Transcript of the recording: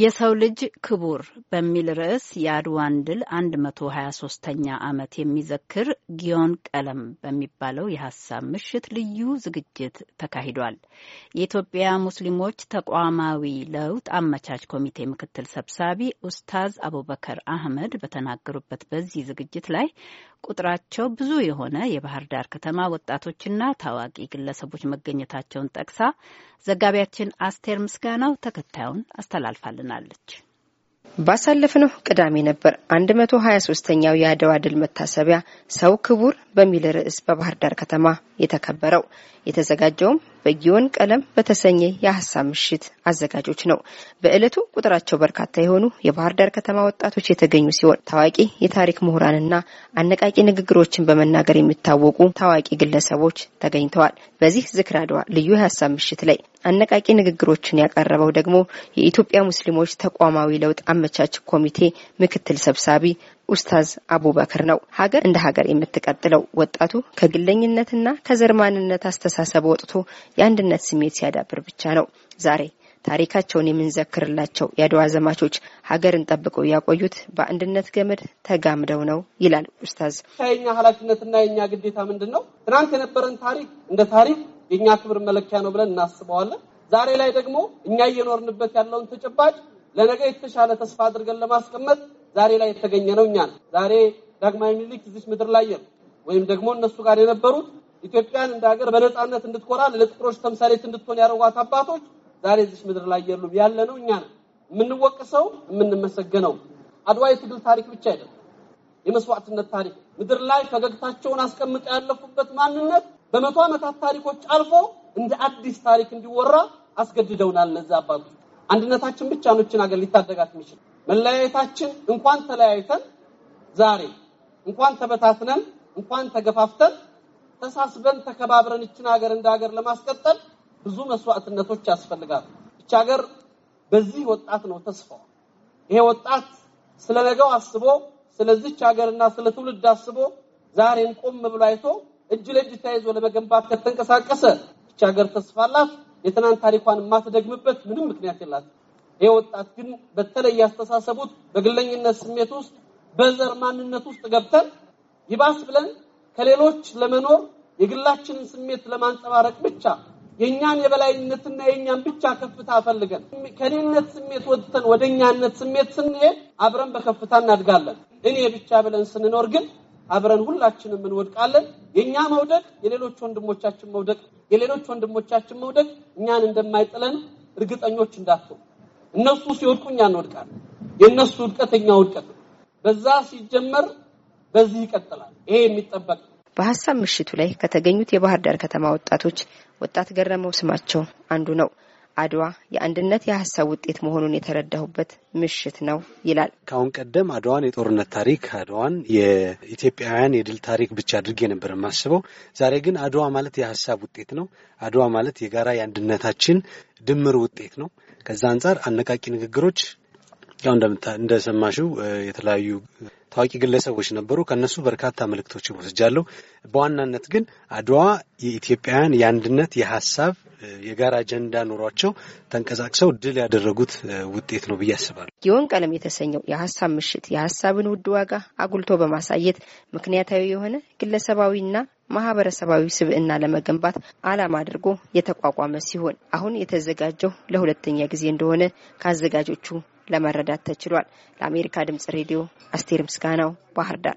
የሰው ልጅ ክቡር በሚል ርዕስ የአድዋን ድል 123ኛ ዓመት የሚዘክር ጊዮን ቀለም በሚባለው የሀሳብ ምሽት ልዩ ዝግጅት ተካሂዷል። የኢትዮጵያ ሙስሊሞች ተቋማዊ ለውጥ አመቻች ኮሚቴ ምክትል ሰብሳቢ ኡስታዝ አቡበከር አህመድ በተናገሩበት በዚህ ዝግጅት ላይ ቁጥራቸው ብዙ የሆነ የባህር ዳር ከተማ ወጣቶችና ታዋቂ ግለሰቦች መገኘታቸውን ጠቅሳ ዘጋቢያችን አስቴር ምስጋናው ተከታዩን አስተላልፋል። ታቀርብልናለች። ባሳለፍነው ቅዳሜ ነበር 123ኛው የአድዋ ድል መታሰቢያ ሰው ክቡር በሚል ርዕስ በባህር ዳር ከተማ የተከበረው። የተዘጋጀውም በጊዮን ቀለም በተሰኘ የሀሳብ ምሽት አዘጋጆች ነው። በዕለቱ ቁጥራቸው በርካታ የሆኑ የባህር ዳር ከተማ ወጣቶች የተገኙ ሲሆን ታዋቂ የታሪክ ምሁራንና አነቃቂ ንግግሮችን በመናገር የሚታወቁ ታዋቂ ግለሰቦች ተገኝተዋል። በዚህ ዝክረ አድዋ ልዩ የሀሳብ ምሽት ላይ አነቃቂ ንግግሮችን ያቀረበው ደግሞ የኢትዮጵያ ሙስሊሞች ተቋማዊ ለውጥ አመቻች ኮሚቴ ምክትል ሰብሳቢ ኡስታዝ አቡበክር ነው። ሀገር እንደ ሀገር የምትቀጥለው ወጣቱ ከግለኝነትና ከዘርማንነት አስተሳሰብ ወጥቶ የአንድነት ስሜት ሲያዳብር ብቻ ነው። ዛሬ ታሪካቸውን የምንዘክርላቸው የአድዋ ዘማቾች ሀገርን ጠብቀው ያቆዩት በአንድነት ገመድ ተጋምደው ነው ይላል ኡስታዝ። የኛ ኃላፊነትና የኛ ግዴታ ምንድን ነው? ትናንት የነበረን ታሪክ እንደ ታሪክ የእኛ ክብር መለኪያ ነው ብለን እናስበዋለን። ዛሬ ላይ ደግሞ እኛ እየኖርንበት ያለውን ተጨባጭ ለነገ የተሻለ ተስፋ አድርገን ለማስቀመጥ ዛሬ ላይ የተገኘ ነው እኛ ዛሬ ዳግማዊ ምኒልክ እዚች ምድር ላይ የለም። ወይም ደግሞ እነሱ ጋር የነበሩት ኢትዮጵያን እንደ ሀገር በነጻነት እንድትኮራ ለጥቁሮች ተምሳሌት እንድትሆን ያደረጓት አባቶች ዛሬ እዚች ምድር ላይ የሉም። ያለ ነው እኛ ነን። የምንወቅሰው የምንመሰገነው አድዋ የትግል ታሪክ ብቻ አይደለም፣ የመስዋዕትነት ታሪክ ምድር ላይ ፈገግታቸውን አስቀምጠው ያለፉበት ማንነት በመቶ ዓመታት ታሪኮች አልፎ እንደ አዲስ ታሪክ እንዲወራ አስገድደውናል። እነዚህ አባቶች አንድነታችን ብቻ ነው ይችን አገር ሊታደጋት የሚችል መለያየታችን እንኳን ተለያይተን ዛሬ እንኳን ተበታትነን እንኳን ተገፋፍተን ተሳስበን ተከባብረን እችን ሀገር እንደ ሀገር ለማስቀጠል ብዙ መስዋዕትነቶች ያስፈልጋሉ። እች ሀገር በዚህ ወጣት ነው ተስፋው ይሄ ወጣት ስለ ነገው አስቦ ስለዚች ሀገርና ስለ ትውልድ አስቦ ዛሬን ቆም ብሎ አይቶ እጅ ለእጅ ተያይዞ ለመገንባት ከተንቀሳቀሰ እች ሀገር ተስፋላት። የትናንት ታሪኳን የማትደግምበት ምንም ምክንያት የላትም። ይህ ወጣት ግን በተለይ ያስተሳሰቡት በግለኝነት ስሜት ውስጥ በዘር ማንነት ውስጥ ገብተን ይባስ ብለን ከሌሎች ለመኖር የግላችንን ስሜት ለማንጸባረቅ ብቻ የኛን የበላይነትና የኛን ብቻ ከፍታ ፈልገን ከኔነት ስሜት ወጥተን ወደኛነት ስሜት ስንሄድ አብረን በከፍታ እናድጋለን። እኔ ብቻ ብለን ስንኖር ግን አብረን ሁላችንም እንወድቃለን። የኛ መውደቅ የሌሎች ወንድሞቻችን መውደቅ የሌሎች ወንድሞቻችን መውደቅ እኛን እንደማይጥለን እርግጠኞች እንዳትሆን እነሱ ሲወድቁ እኛ እንወድቃለን። የእነሱ ውድቀተኛ ውድቀት ነው። በዛ ሲጀመር በዚህ ይቀጥላል። ይሄ የሚጠበቅ በሀሳብ ምሽቱ ላይ ከተገኙት የባህር ዳር ከተማ ወጣቶች ወጣት ገረመው ስማቸው አንዱ ነው። አድዋ የአንድነት የሀሳብ ውጤት መሆኑን የተረዳሁበት ምሽት ነው ይላል። ከአሁን ቀደም አድዋን የጦርነት ታሪክ፣ አድዋን የኢትዮጵያውያን የድል ታሪክ ብቻ አድርጌ ነበር የማስበው። ዛሬ ግን አድዋ ማለት የሀሳብ ውጤት ነው። አድዋ ማለት የጋራ የአንድነታችን ድምር ውጤት ነው። ከዛ አንጻር አነቃቂ ንግግሮች ያው እንደሰማሽው የተለያዩ ታዋቂ ግለሰቦች ነበሩ። ከእነሱ በርካታ መልእክቶች ወስጃለሁ። በዋናነት ግን አድዋ የኢትዮጵያውያን የአንድነት፣ የሀሳብ፣ የጋራ አጀንዳ ኑሯቸው ተንቀሳቅሰው ድል ያደረጉት ውጤት ነው ብዬ አስባለሁ። የወን ቀለም የተሰኘው የሀሳብ ምሽት የሀሳብን ውድ ዋጋ አጉልቶ በማሳየት ምክንያታዊ የሆነ ግለሰባዊና ማህበረሰባዊ ስብዕና ለመገንባት ዓላማ አድርጎ የተቋቋመ ሲሆን አሁን የተዘጋጀው ለሁለተኛ ጊዜ እንደሆነ ከአዘጋጆቹ ለመረዳት ተችሏል። ለአሜሪካ ድምጽ ሬዲዮ አስቴር ምስጋናው ባህር ዳር